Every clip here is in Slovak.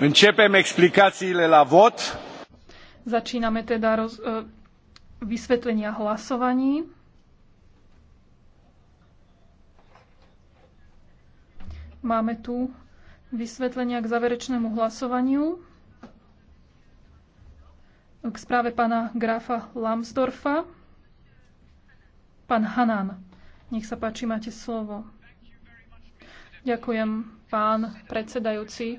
Începem explicațiile la vot. Začíname teda roz, e, vysvetlenia hlasovaní. Máme tu vysvetlenia k záverečnému hlasovaniu k správe pána Grafa Lambsdorfa. Pán Hanan, nech sa páči, máte slovo. Ďakujem, pán predsedajúci.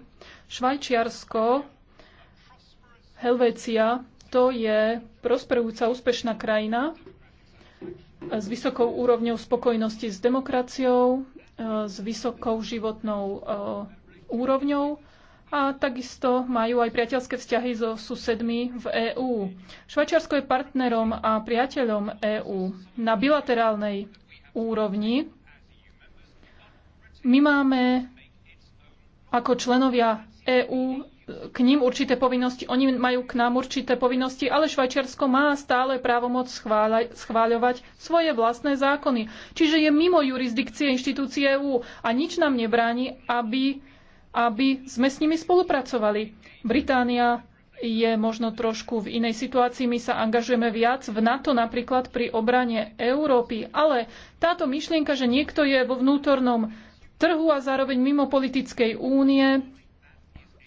Švajčiarsko, Helvécia, to je prosperujúca, úspešná krajina s vysokou úrovňou spokojnosti s demokraciou, e, s vysokou životnou e, úrovňou a takisto majú aj priateľské vzťahy so susedmi v EÚ. Švajčiarsko je partnerom a priateľom EÚ na bilaterálnej úrovni. My máme ako členovia EÚ k ním určité povinnosti, oni majú k nám určité povinnosti, ale Švajčiarsko má stále právomoc schváľovať svoje vlastné zákony. Čiže je mimo jurisdikcie inštitúcie EÚ a nič nám nebráni, aby, aby sme s nimi spolupracovali. Británia je možno trošku v inej situácii. My sa angažujeme viac v NATO napríklad pri obrane Európy, ale táto myšlienka, že niekto je vo vnútornom trhu a zároveň mimo politickej únie,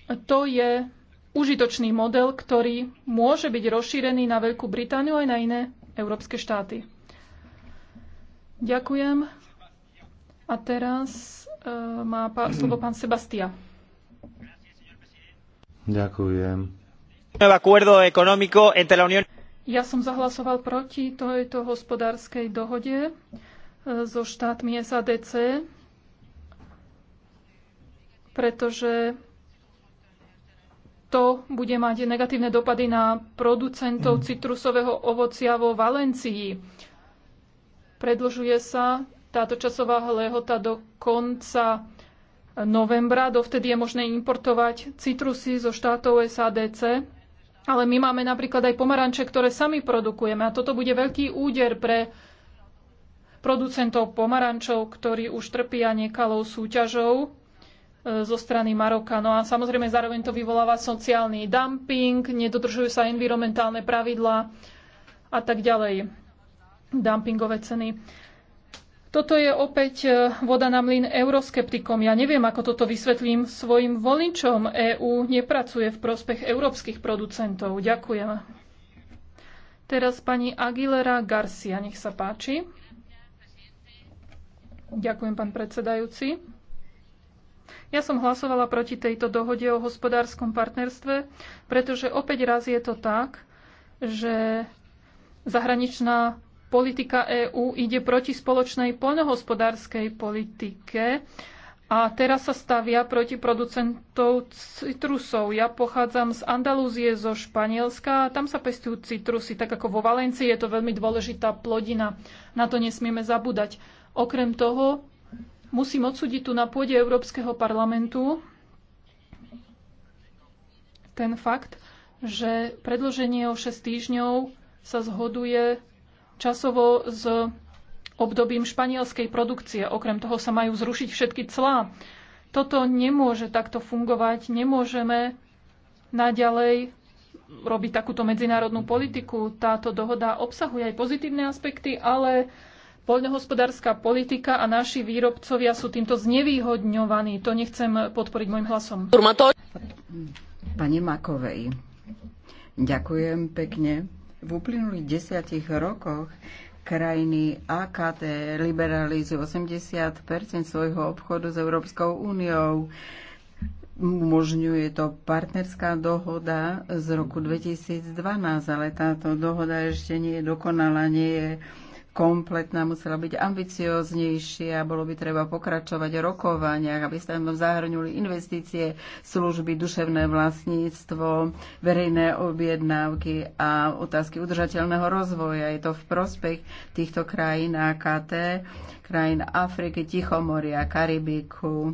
to je užitočný model, ktorý môže byť rozšírený na Veľkú Britániu aj na iné európske štáty. Ďakujem. A teraz e, má pá, slovo pán Sebastia. Ďakujem. Ja som zahlasoval proti tejto hospodárskej dohode e, so štátmi SADC, pretože to bude mať negatívne dopady na producentov mm. citrusového ovocia vo Valencii. Predlžuje sa táto časová lehota do konca novembra. Dovtedy je možné importovať citrusy zo štátov SADC, ale my máme napríklad aj pomaranče, ktoré sami produkujeme. A toto bude veľký úder pre producentov pomarančov, ktorí už trpia nekalou súťažou E, zo strany Maroka. No a samozrejme zároveň to vyvoláva sociálny dumping, nedodržujú sa environmentálne pravidlá a tak ďalej. Dumpingové ceny. Toto je opäť e, voda na mlyn euroskeptikom. Ja neviem, ako toto vysvetlím svojim voličom. EÚ nepracuje v prospech európskych producentov. Ďakujem. Teraz pani Aguilera Garcia, nech sa páči. Ďakujem, pán predsedajúci. Ja som hlasovala proti tejto dohode o hospodárskom partnerstve, pretože opäť raz je to tak, že zahraničná politika EÚ ide proti spoločnej poľnohospodárskej politike a teraz sa stavia proti producentov citrusov. Ja pochádzam z Andalúzie, zo Španielska a tam sa pestujú citrusy. Tak ako vo Valencii je to veľmi dôležitá plodina. Na to nesmieme zabúdať. Okrem toho, musím odsúdiť tu na pôde Európskeho parlamentu ten fakt, že predloženie o 6 týždňov sa zhoduje časovo s obdobím španielskej produkcie. Okrem toho sa majú zrušiť všetky clá. Toto nemôže takto fungovať. Nemôžeme naďalej robiť takúto medzinárodnú politiku. Táto dohoda obsahuje aj pozitívne aspekty, ale Poľnohospodárska politika a naši výrobcovia sú týmto znevýhodňovaní. To nechcem podporiť môjim hlasom. Pani Makovej, ďakujem pekne. V uplynulých desiatich rokoch krajiny AKT liberalizujú 80 svojho obchodu s Európskou úniou. Umožňuje to partnerská dohoda z roku 2012, ale táto dohoda ešte nie je dokonalá, nie je kompletná, musela byť ambicioznejšia, bolo by treba pokračovať v rokovaniach, aby sa tam zahrnuli investície, služby, duševné vlastníctvo, verejné objednávky a otázky udržateľného rozvoja. Je to v prospech týchto krajín AKT, krajín Afriky, Tichomoria, Karibiku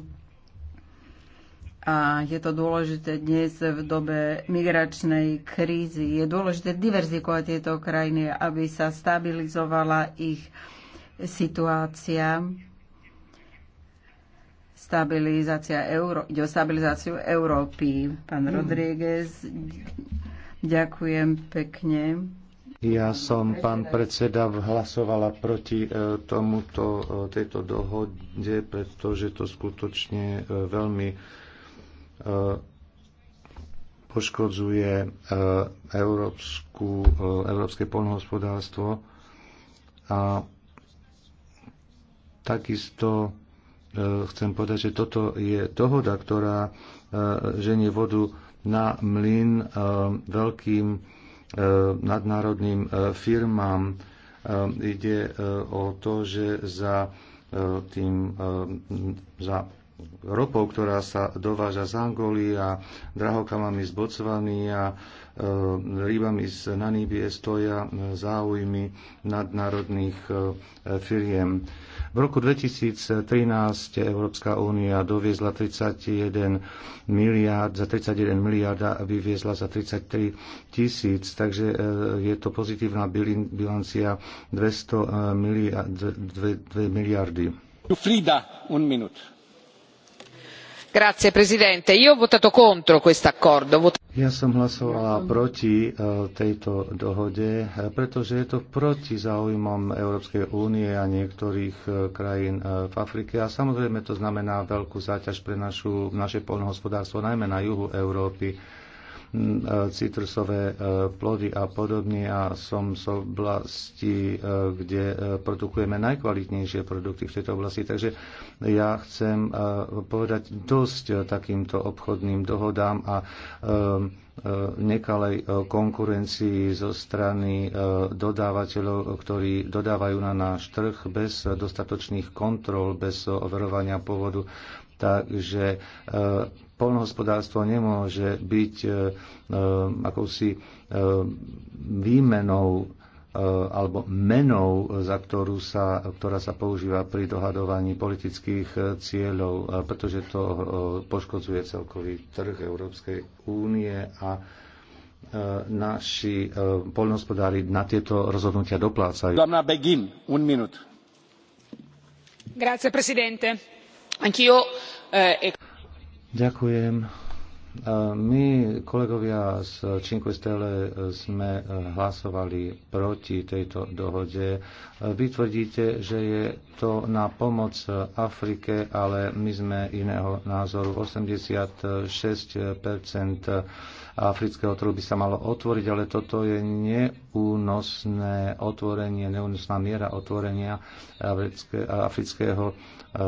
a je to dôležité dnes v dobe migračnej krízy. Je dôležité diverzikovať tieto krajiny, aby sa stabilizovala ich situácia. Stabilizácia Euró- ide o stabilizáciu Európy. Pán mm. Rodríguez, ďakujem pekne. Ja som, pán predseda, hlasovala proti e, tomuto, e, tejto dohode, pretože to skutočne e, veľmi E, poškodzuje e, európsku, e, európske polnohospodárstvo a takisto chcem povedať, že toto je dohoda, ktorá ženie vodu na mlyn veľkým nadnárodným firmám. Ide o to, že za tým za ropou, ktorá sa dováža z Angolí a drahokamami z Bocvany a e, rybami z Naníbie stoja e, záujmy nadnárodných e, firiem. V roku 2013 Európska únia doviezla 31 miliard, za 31 miliarda a vyviezla za 33 tisíc, takže e, je to pozitívna bilancia 200 e, miliard, 2, 2 miliardy. Frida, un minút. Presidente. Ja som hlasovala proti eh, tejto dohode, eh, pretože je to proti záujmom Európskej únie a niektorých eh, krajín v Afrike. A samozrejme to znamená veľkú záťaž pre naše poľnohospodárstvo, najmä na juhu Európy Eh, citrusové eh, plody a podobne. A som z oblasti, eh, kde produkujeme najkvalitnejšie produkty v tejto oblasti. Takže ja chcem povedať dosť takýmto obchodným dohodám a nekalej konkurencii zo strany dodávateľov, ktorí dodávajú na náš trh bez dostatočných kontrol, bez overovania pôvodu Takže e, polnohospodárstvo nemôže byť e, e, akousi výmenou alebo menou, za ktorú sa, ktorá sa používa pri dohadovaní politických cieľov, pretože to poškodzuje celkový trh Európskej únie a naši poľnohospodári na tieto rozhodnutia doplácajú. Dámna Begin, un minút. Grazie, presidente Eh, e- Ďakujem. My, kolegovia z Cinque Stelle, sme eh, hlasovali proti tejto dohode. Vy tvrdíte, že je to na pomoc Afrike, ale my sme iného názoru. 86 afrického trhu by sa malo otvoriť, ale toto je neúnosné otvorenie, neúnosná miera otvorenia afrického e, e,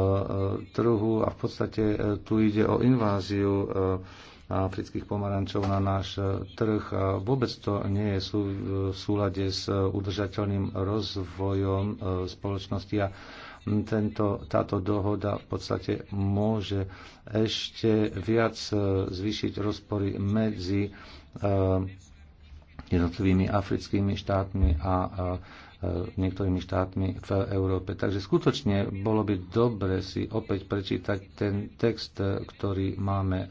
trhu a v podstate e, tu ide o inváziu afrických pomarančov na náš trh. A vôbec to nie je v súlade s udržateľným rozvojom spoločnosti a tento, táto dohoda v podstate môže ešte viac e, zvýšiť rozpory medzi e, jednotlivými africkými štátmi a e, niektorými štátmi v Európe. Takže skutočne bolo by dobre si opäť prečítať ten text, ktorý máme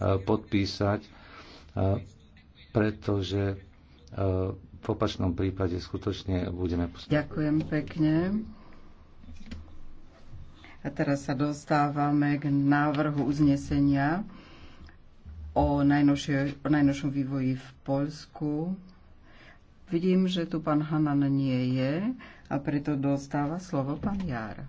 podpísať, pretože v opačnom prípade skutočne budeme postupovať. Ďakujem pekne. A teraz sa dostávame k návrhu uznesenia o, najnovšie, o najnovšom vývoji v Polsku. Vidím, že tu pán Hanan nie je a preto dostáva slovo pán Jara.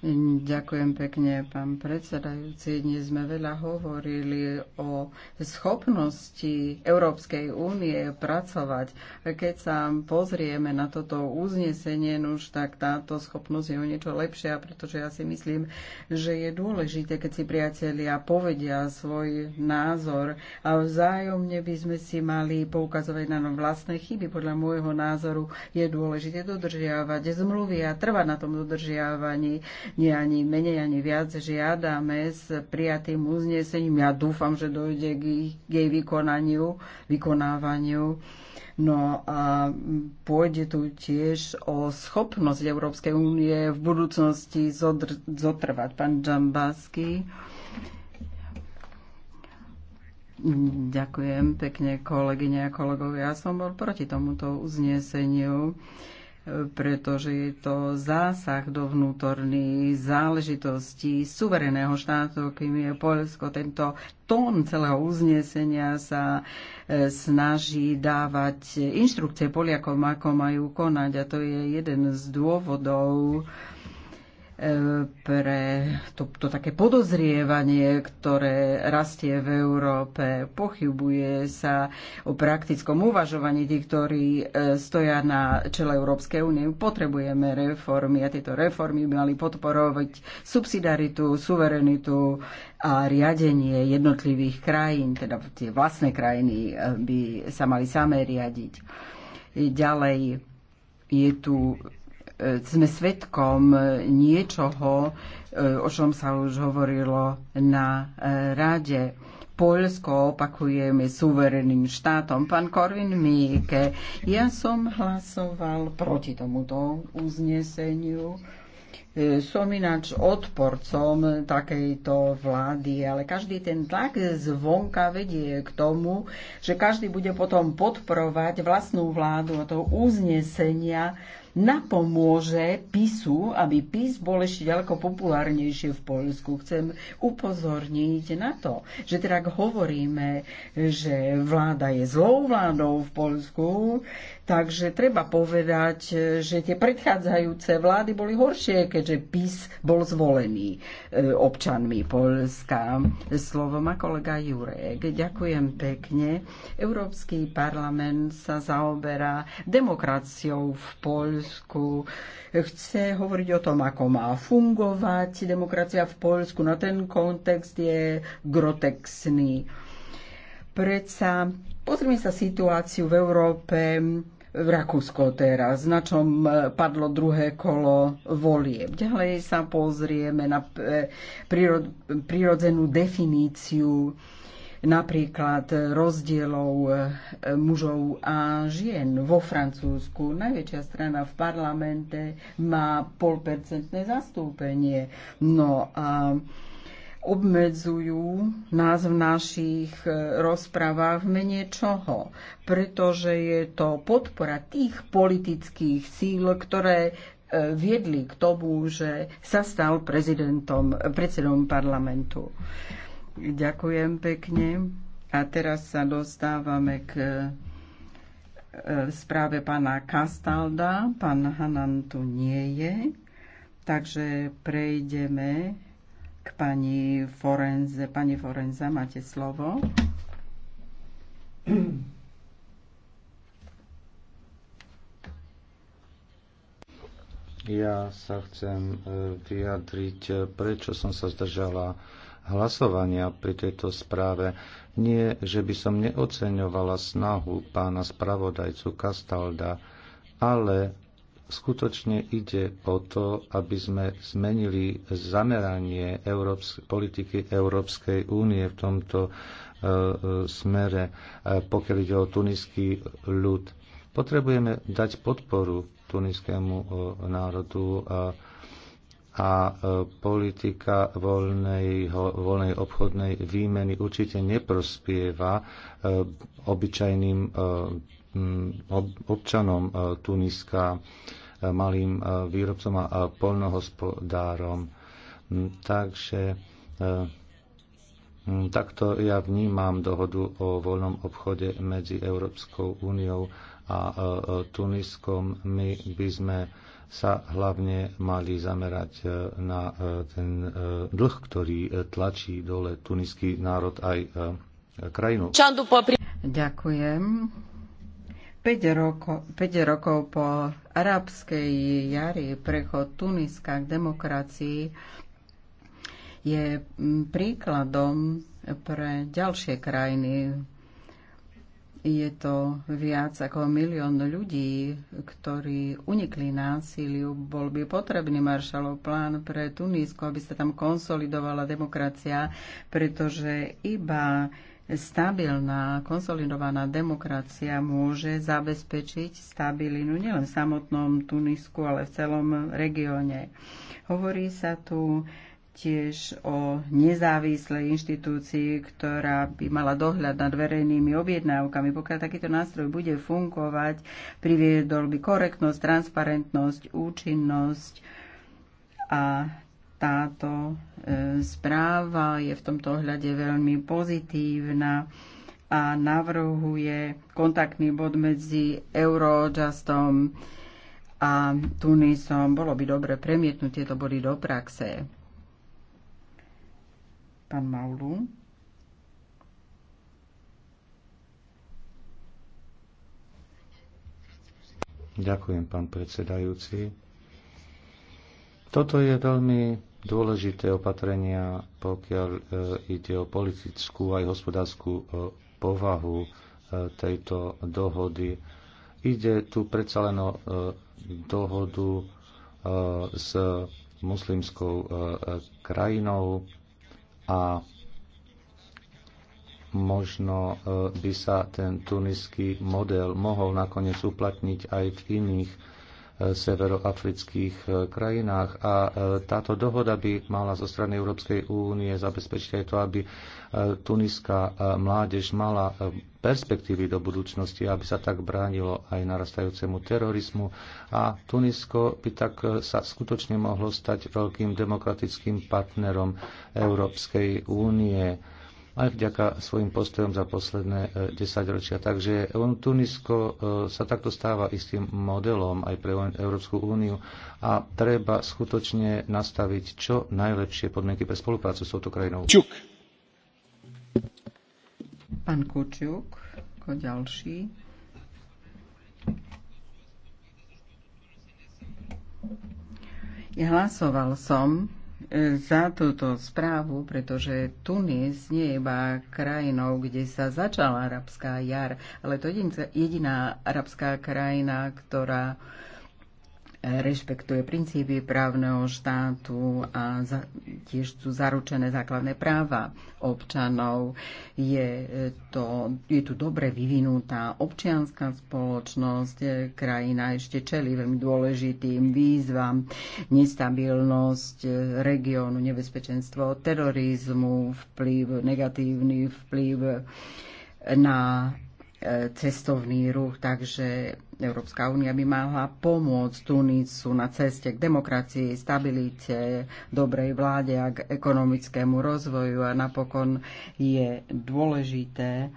Ďakujem pekne, pán predsedajúci. Dnes sme veľa hovorili o schopnosti Európskej únie pracovať. Keď sa pozrieme na toto uznesenie, no už tak táto schopnosť je o niečo lepšia, pretože ja si myslím, že je dôležité, keď si priatelia povedia svoj názor a vzájomne by sme si mali poukazovať na vlastné chyby. Podľa môjho názoru je dôležité dodržiavať zmluvy a trvať na tom dodržiavaní nie ani menej, ani viac žiadame s prijatým uznesením. Ja dúfam, že dojde k jej vykonaniu, vykonávaniu. No a pôjde tu tiež o schopnosť Európskej únie v budúcnosti zodr- zotrvať. Pán Džambásky. Ďakujem pekne kolegyne a kolegovia. Ja som bol proti tomuto uzneseniu pretože je to zásah do vnútorných záležitostí suvereného štátu, kým je Polsko. Tento tón celého uznesenia sa e, snaží dávať inštrukcie Poliakom, ako majú konať a to je jeden z dôvodov, pre to, to také podozrievanie, ktoré rastie v Európe. Pochybuje sa o praktickom uvažovaní tých, ktorí e, stoja na čele Európskej únie. Potrebujeme reformy a tieto reformy by mali podporovať subsidiaritu, suverenitu a riadenie jednotlivých krajín, teda tie vlastné krajiny e, by sa mali samé riadiť. Ďalej je tu sme svetkom niečoho, e, o čom sa už hovorilo na e, rade. Polsko opakujeme, suverenným štátom. Pán Korvin Míke, ja som hlasoval proti tomuto uzneseniu. E, som ináč odporcom takejto vlády, ale každý ten tlak zvonka vedie k tomu, že každý bude potom podporovať vlastnú vládu a to uznesenia napomôže PISu, aby PIS bol ešte ďaleko populárnejšie v Polsku. Chcem upozorniť na to, že teda ak hovoríme, že vláda je zlou vládou v Polsku, takže treba povedať, že tie predchádzajúce vlády boli horšie, keďže PIS bol zvolený e, občanmi Polska. Slovo má kolega Jurek. Ďakujem pekne. Európsky parlament sa zaoberá demokraciou v Poľsku Polsku. Chce hovoriť o tom, ako má fungovať demokracia v Polsku. No ten kontext je grotexný. Predsa pozrime sa situáciu v Európe v Rakúsko teraz, na čom e, padlo druhé kolo volieb. Ďalej sa pozrieme na e, prírodzenú definíciu napríklad rozdielov e, mužov a žien vo Francúzsku. Najväčšia strana v parlamente má polpercentné zastúpenie. No a obmedzujú nás v našich e, rozprávach v mene čoho? Pretože je to podpora tých politických síl, ktoré e, viedli k tomu, že sa stal prezidentom, predsedom parlamentu. Ďakujem pekne. A teraz sa dostávame k e, správe pána Kastalda. Pán Hanan tu nie je, takže prejdeme k pani Forenze. Pani Forenza, máte slovo. Ja sa chcem e, vyjadriť, e, prečo som sa zdržala hlasovania pri tejto správe. Nie, že by som neoceňovala snahu pána spravodajcu Kastalda, ale skutočne ide o to, aby sme zmenili zameranie Európs- politiky Európskej únie v tomto e, e smere, e, pokiaľ ide o tuniský ľud. Potrebujeme dať podporu tuniskému e, národu. E, a e, politika voľnej, voľnej obchodnej výmeny určite neprospieva e, obyčajným e, občanom Tuniska, malým výrobcom a polnohospodárom. Takže takto ja vnímam dohodu o voľnom obchode medzi Európskou úniou a Tuniskom. My by sme sa hlavne mali zamerať e, na e, ten e, dlh, ktorý tlačí dole tuniský národ aj krajinu. Ďakujem. 5 rokov, 5 rokov po arabskej jari prechod Tuniska k demokracii je príkladom pre ďalšie krajiny je to viac ako milión ľudí, ktorí unikli násiliu. Bol by potrebný Maršalov plán pre Tunísko, aby sa tam konsolidovala demokracia, pretože iba stabilná, konsolidovaná demokracia môže zabezpečiť stabilinu nielen v samotnom Tunisku, ale v celom regióne. Hovorí sa tu tiež o nezávislej inštitúcii, ktorá by mala dohľad nad verejnými objednávkami. Pokiaľ takýto nástroj bude fungovať, priviedol by korektnosť, transparentnosť, účinnosť a táto e, správa je v tomto ohľade veľmi pozitívna a navrhuje kontaktný bod medzi Eurojustom a Tunisom. Bolo by dobre premietnúť tieto body do praxe. Pán Maulu. Ďakujem, pán predsedajúci. Toto je veľmi dôležité opatrenia, pokiaľ e, ide o politickú aj hospodárskú e, povahu e, tejto dohody. Ide tu predsa len o dohodu s muslimskou krajinou a možno e, by sa ten tuniský model mohol nakoniec uplatniť aj v iných e, severoafrických e, krajinách. A táto dohoda by mala zo strany Európskej únie zabezpečiť aj to, aby tuniská mládež mala perspektívy do budúcnosti, aby sa tak bránilo aj narastajúcemu terorizmu. A Tunisko by tak e, sa skutočne mohlo stať veľkým demokratickým partnerom Európskej únie aj vďaka svojim postojom za posledné 10 e, ročia. Takže Tunisko e, sa takto stáva istým modelom aj pre Európsku úniu a treba skutočne nastaviť čo najlepšie podmienky pre spoluprácu s touto krajinou. Čuk. Pán Kučiuk, ako ďalší. Hlasoval som e, za túto správu, pretože Tunis nie je iba krajinou, kde sa začala arabská jar, ale to je jediná arabská krajina, ktorá rešpektuje princípy právneho štátu a za, tiež sú zaručené základné práva občanov. Je, e, to, je tu dobre vyvinutá občianská spoločnosť, krajina ešte čelí veľmi dôležitým výzvam, nestabilnosť e, regiónu, nebezpečenstvo terorizmu, vplyv, negatívny vplyv na e, cestovný ruch, takže Európska únia by mala pomôcť Tunisu na ceste k demokracii, stabilite, dobrej vláde a k ekonomickému rozvoju a napokon je dôležité,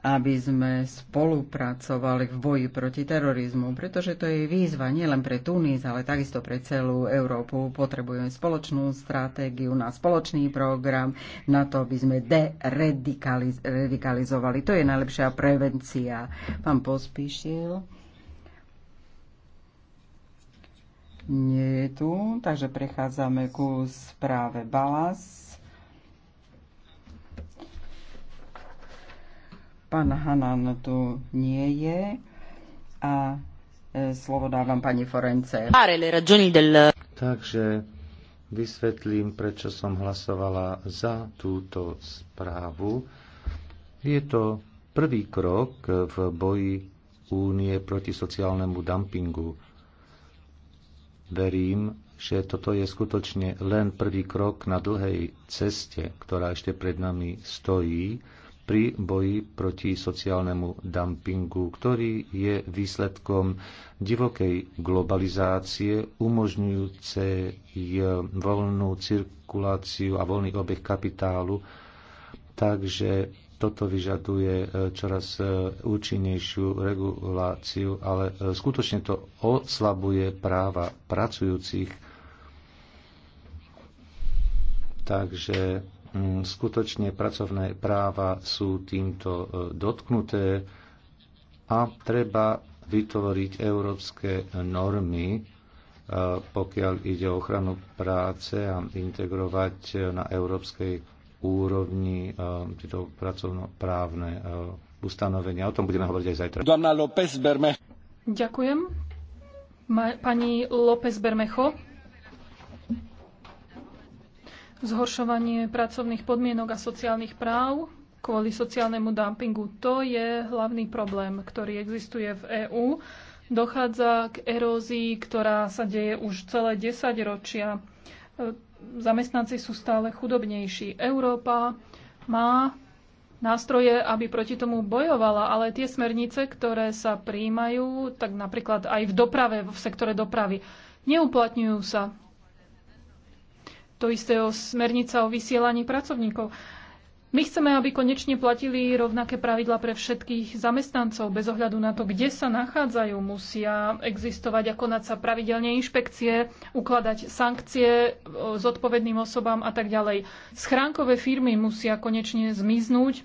aby sme spolupracovali v boji proti terorizmu, pretože to je výzva nielen pre Tunis, ale takisto pre celú Európu. Potrebujeme spoločnú stratégiu na spoločný program, na to, aby sme deradikalizovali. To je najlepšia prevencia. Pán Pospíšil. Nie je tu, takže prechádzame ku správe Balas. Pán Hanan tu nie je a e, slovo dávam pani Forence. Takže vysvetlím, prečo som hlasovala za túto správu. Je to prvý krok v boji únie proti sociálnemu dumpingu Verím, že toto je skutočne len prvý krok na dlhej ceste, ktorá ešte pred nami stojí pri boji proti sociálnemu dumpingu, ktorý je výsledkom divokej globalizácie, umožňujúcej voľnú cirkuláciu a voľný obeh kapitálu. Takže toto vyžaduje e, čoraz e, účinnejšiu reguláciu, ale e, skutočne to oslabuje práva pracujúcich. Takže mm, skutočne pracovné práva sú týmto dotknuté a treba vytvoriť európske normy, pokiaľ ide o ochranu práce a integrovať na európskej úrovni tieto pracovnoprávne ustanovenia. O tom budeme hovoriť aj zajtra. Dana López Bermejo. Ďakujem. Ma, pani López Bermejo. Zhoršovanie pracovných podmienok a sociálnych práv kvôli sociálnemu dumpingu. To je hlavný problém, ktorý existuje v EÚ. Dochádza k erózii, ktorá sa deje už celé 10 ročia zamestnanci sú stále chudobnejší. Európa má nástroje, aby proti tomu bojovala, ale tie smernice, ktoré sa príjmajú, tak napríklad aj v doprave, v sektore dopravy, neuplatňujú sa. To isté o smernica o vysielaní pracovníkov. My chceme, aby konečne platili rovnaké pravidla pre všetkých zamestnancov, bez ohľadu na to, kde sa nachádzajú. Musia existovať a konať sa pravidelne inšpekcie, ukladať sankcie s e, odpovedným osobám a tak ďalej. Schránkové firmy musia konečne zmiznúť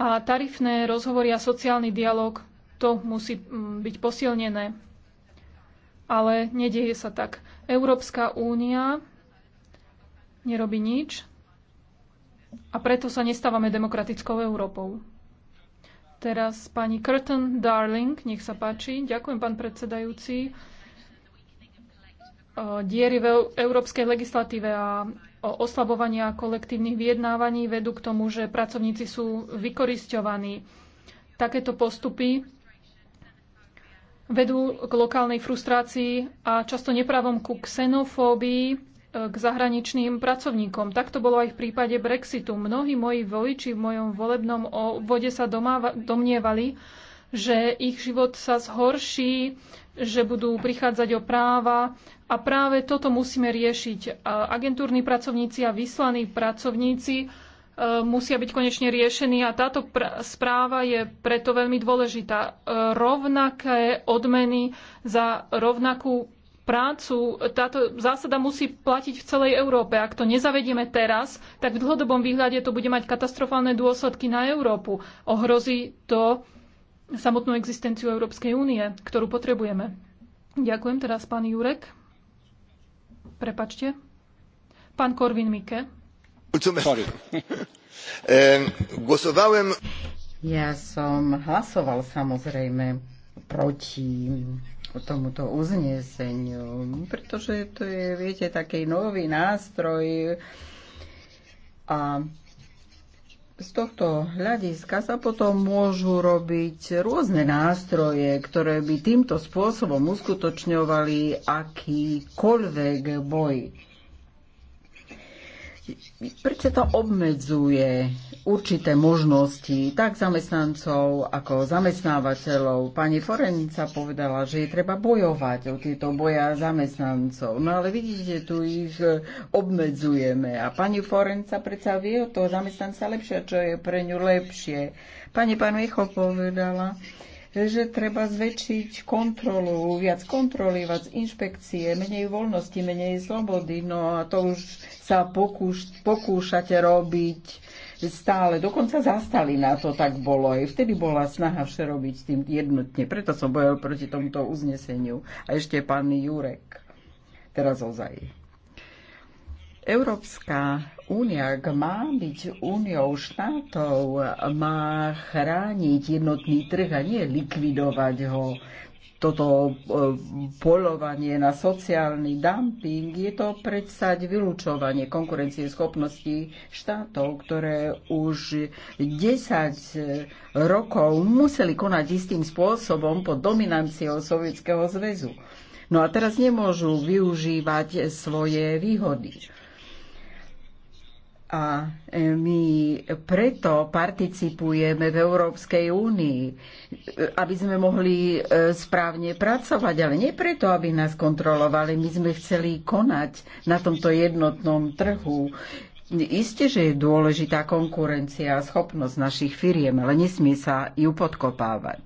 a tarifné rozhovory a sociálny dialog, to musí mm, byť posilnené. Ale nedieje sa tak. Európska únia nerobí nič, a preto sa nestávame demokratickou Európou. Teraz pani Curtin Darling, nech sa páči. Ďakujem, pán predsedajúci. Diery v európskej legislatíve a oslabovania kolektívnych vyjednávaní vedú k tomu, že pracovníci sú vykorisťovaní. Takéto postupy vedú k lokálnej frustrácii a často nepravom ku xenofóbii k zahraničným pracovníkom. Tak to bolo aj v prípade Brexitu. Mnohí moji voliči v mojom volebnom obvode sa domnievali, že ich život sa zhorší, že budú prichádzať o práva a práve toto musíme riešiť. Agentúrni pracovníci a vyslaní pracovníci e, musia byť konečne riešení a táto správa je preto veľmi dôležitá. E, rovnaké odmeny za rovnakú prácu, táto zásada musí platiť v celej Európe. Ak to nezavedieme teraz, tak v dlhodobom výhľade to bude mať katastrofálne dôsledky na Európu. Ohrozí to samotnú existenciu Európskej únie, ktorú potrebujeme. Ďakujem teraz pán Jurek. Prepačte. Pán Korvin Mike. Ja som hlasoval samozrejme proti tomuto uzneseniu, pretože to je, viete, taký nový nástroj a z tohto hľadiska sa potom môžu robiť rôzne nástroje, ktoré by týmto spôsobom uskutočňovali akýkoľvek boj. Prečo to obmedzuje určité možnosti tak zamestnancov ako zamestnávateľov. Pani Forenica povedala, že je treba bojovať o tieto boja zamestnancov. No ale vidíte, tu ich obmedzujeme. A pani Forenca predsa vie o toho zamestnanca lepšie, čo je pre ňu lepšie. Pani Micho povedala, že treba zväčšiť kontrolu, viac kontroly, viac inšpekcie, menej voľnosti, menej slobody. No a to už sa pokúš, pokúšate robiť stále, dokonca zastali na to tak bolo. Aj vtedy bola snaha vše robiť s tým jednotne. Preto som bojoval proti tomuto uzneseniu. A ešte pán Jurek. Teraz ozaj. Európska únia, ak má byť úniou štátov, má chrániť jednotný trh a nie likvidovať ho. Toto e, polovanie na sociálny dumping je to predsať vylúčovanie konkurencie schopností štátov, ktoré už 10 e, rokov museli konať istým spôsobom pod dominanciou Sovietskeho zväzu. No a teraz nemôžu využívať svoje výhody a e, my preto participujeme v Európskej únii, e, aby sme mohli e, správne pracovať, ale nie preto, aby nás kontrolovali. My sme chceli konať na tomto jednotnom trhu. Isté, že je dôležitá konkurencia a schopnosť našich firiem, ale nesmie sa ju podkopávať.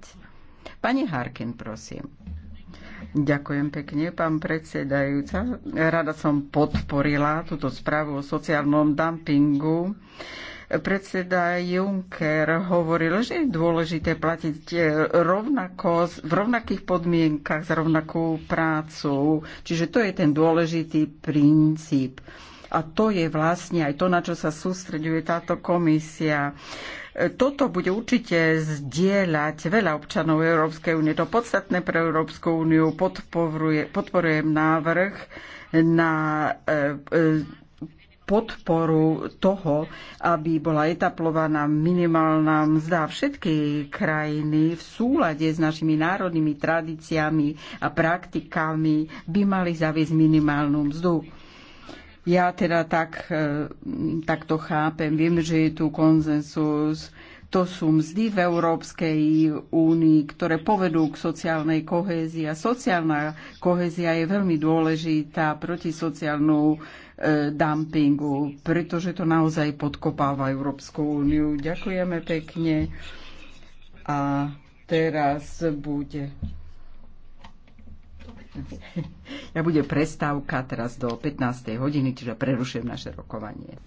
Pani Harkin, prosím. Ďakujem pekne, pán predsedajúca. Rada som podporila túto správu o sociálnom dumpingu. Predseda Juncker hovoril, že je dôležité platiť e, rovnako, v rovnakých podmienkach za rovnakú prácu. Čiže to je ten dôležitý princíp a to je vlastne aj to, na čo sa sústreďuje táto komisia. E, toto bude určite zdieľať veľa občanov Európskej únie. To podstatné pre Európsku úniu podporuje, podporujem návrh na e, e, podporu toho, aby bola etaplovaná minimálna mzda všetky krajiny v súlade s našimi národnými tradíciami a praktikami by mali zaviesť minimálnu mzdu. Ja teda tak, e, tak to chápem. Viem, že je tu konzensus. To sú mzdy v Európskej únii, ktoré povedú k sociálnej kohézii. A sociálna kohézia je veľmi dôležitá proti sociálnu e, dumpingu, pretože to naozaj podkopáva Európsku úniu. Ďakujeme pekne a teraz bude Ja bude prestávka teraz do 15. hodiny, čiže prerušujem naše rokovanie.